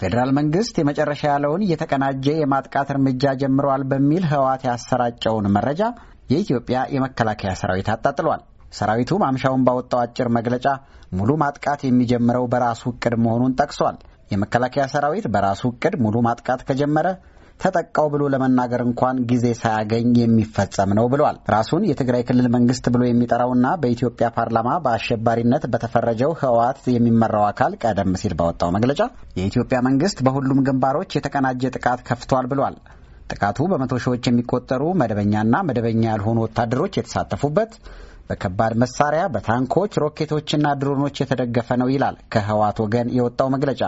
ፌዴራል መንግስት የመጨረሻ ያለውን እየተቀናጀ የማጥቃት እርምጃ ጀምረዋል በሚል ህወሓት ያሰራጨውን መረጃ የኢትዮጵያ የመከላከያ ሰራዊት አጣጥሏል። ሰራዊቱ ማምሻውን ባወጣው አጭር መግለጫ ሙሉ ማጥቃት የሚጀምረው በራሱ እቅድ መሆኑን ጠቅሷል። የመከላከያ ሰራዊት በራሱ እቅድ ሙሉ ማጥቃት ከጀመረ ተጠቃው ብሎ ለመናገር እንኳን ጊዜ ሳያገኝ የሚፈጸም ነው ብሏል። ራሱን የትግራይ ክልል መንግስት ብሎ የሚጠራውና በኢትዮጵያ ፓርላማ በአሸባሪነት በተፈረጀው ህወሓት የሚመራው አካል ቀደም ሲል ባወጣው መግለጫ የኢትዮጵያ መንግስት በሁሉም ግንባሮች የተቀናጀ ጥቃት ከፍቷል ብሏል። ጥቃቱ በመቶ ሺዎች የሚቆጠሩ መደበኛና መደበኛ ያልሆኑ ወታደሮች የተሳተፉበት በከባድ መሳሪያ በታንኮች ሮኬቶችና ድሮኖች የተደገፈ ነው ይላል ከህወሓት ወገን የወጣው መግለጫ።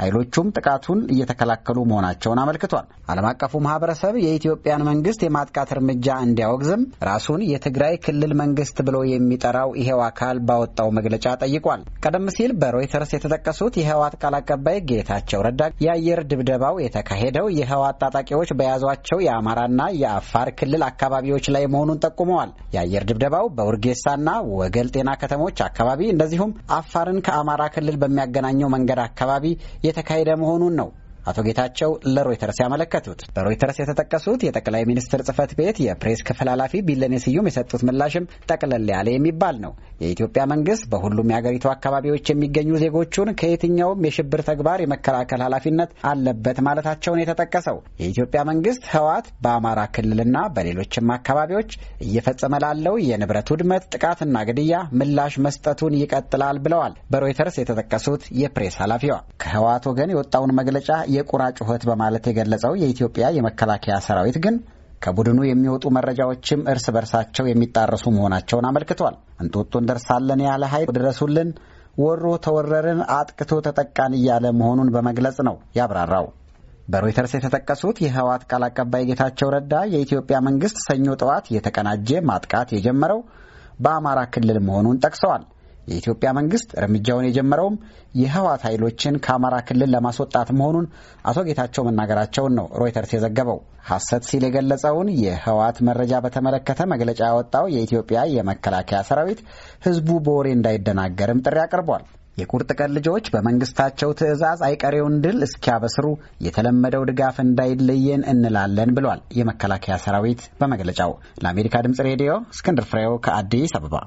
ኃይሎቹም ጥቃቱን እየተከላከሉ መሆናቸውን አመልክቷል። ዓለም አቀፉ ማህበረሰብ የኢትዮጵያን መንግስት የማጥቃት እርምጃ እንዲያወግዝም ራሱን የትግራይ ክልል መንግስት ብሎ የሚጠራው ይሄው አካል ባወጣው መግለጫ ጠይቋል። ቀደም ሲል በሮይተርስ የተጠቀሱት የህወሓት ቃል አቀባይ ጌታቸው ረዳ የአየር ድብደባው የተካሄደው የህወሓት ታጣቂዎች በያዟቸው የአማራና የአፋር ክልል አካባቢዎች ላይ መሆኑን ጠቁመዋል። የአየር ድብደባው በውር ሙርጌሳና ወገል ጤና ከተሞች አካባቢ እንደዚሁም አፋርን ከአማራ ክልል በሚያገናኘው መንገድ አካባቢ የተካሄደ መሆኑን ነው አቶ ጌታቸው ለሮይተርስ ያመለከቱት። በሮይተርስ የተጠቀሱት የጠቅላይ ሚኒስትር ጽህፈት ቤት የፕሬስ ክፍል ኃላፊ ቢለኔ ስዩም የሰጡት ምላሽም ጠቅለል ያለ የሚባል ነው። የኢትዮጵያ መንግስት በሁሉም የአገሪቱ አካባቢዎች የሚገኙ ዜጎቹን ከየትኛውም የሽብር ተግባር የመከላከል ኃላፊነት አለበት ማለታቸውን የተጠቀሰው የኢትዮጵያ መንግስት ህወሓት በአማራ ክልልና በሌሎችም አካባቢዎች እየፈጸመ ላለው የንብረት ውድመት ጥቃትና ግድያ ምላሽ መስጠቱን ይቀጥላል ብለዋል። በሮይተርስ የተጠቀሱት የፕሬስ ኃላፊዋ ከህወሓት ወገን የወጣውን መግለጫ የቁራ ጩኸት በማለት የገለጸው የኢትዮጵያ የመከላከያ ሰራዊት ግን ከቡድኑ የሚወጡ መረጃዎችም እርስ በርሳቸው የሚጣረሱ መሆናቸውን አመልክቷል። እንጦጦ እንደርሳለን ያለ ኃይል ድረሱልን፣ ወሮ ተወረርን፣ አጥቅቶ ተጠቃን እያለ መሆኑን በመግለጽ ነው ያብራራው። በሮይተርስ የተጠቀሱት የህወሓት ቃል አቀባይ ጌታቸው ረዳ የኢትዮጵያ መንግስት ሰኞ ጠዋት የተቀናጀ ማጥቃት የጀመረው በአማራ ክልል መሆኑን ጠቅሰዋል። የኢትዮጵያ መንግስት እርምጃውን የጀመረውም የህወሓት ኃይሎችን ከአማራ ክልል ለማስወጣት መሆኑን አቶ ጌታቸው መናገራቸውን ነው ሮይተርስ የዘገበው። ሐሰት ሲል የገለጸውን የህወሓት መረጃ በተመለከተ መግለጫ ያወጣው የኢትዮጵያ የመከላከያ ሰራዊት ህዝቡ በወሬ እንዳይደናገርም ጥሪ አቅርቧል። የቁርጥ ቀን ልጆች በመንግስታቸው ትዕዛዝ አይቀሬውን ድል እስኪያበስሩ የተለመደው ድጋፍ እንዳይለየን እንላለን ብሏል የመከላከያ ሰራዊት በመግለጫው። ለአሜሪካ ድምጽ ሬዲዮ እስክንድር ፍሬው ከአዲስ አበባ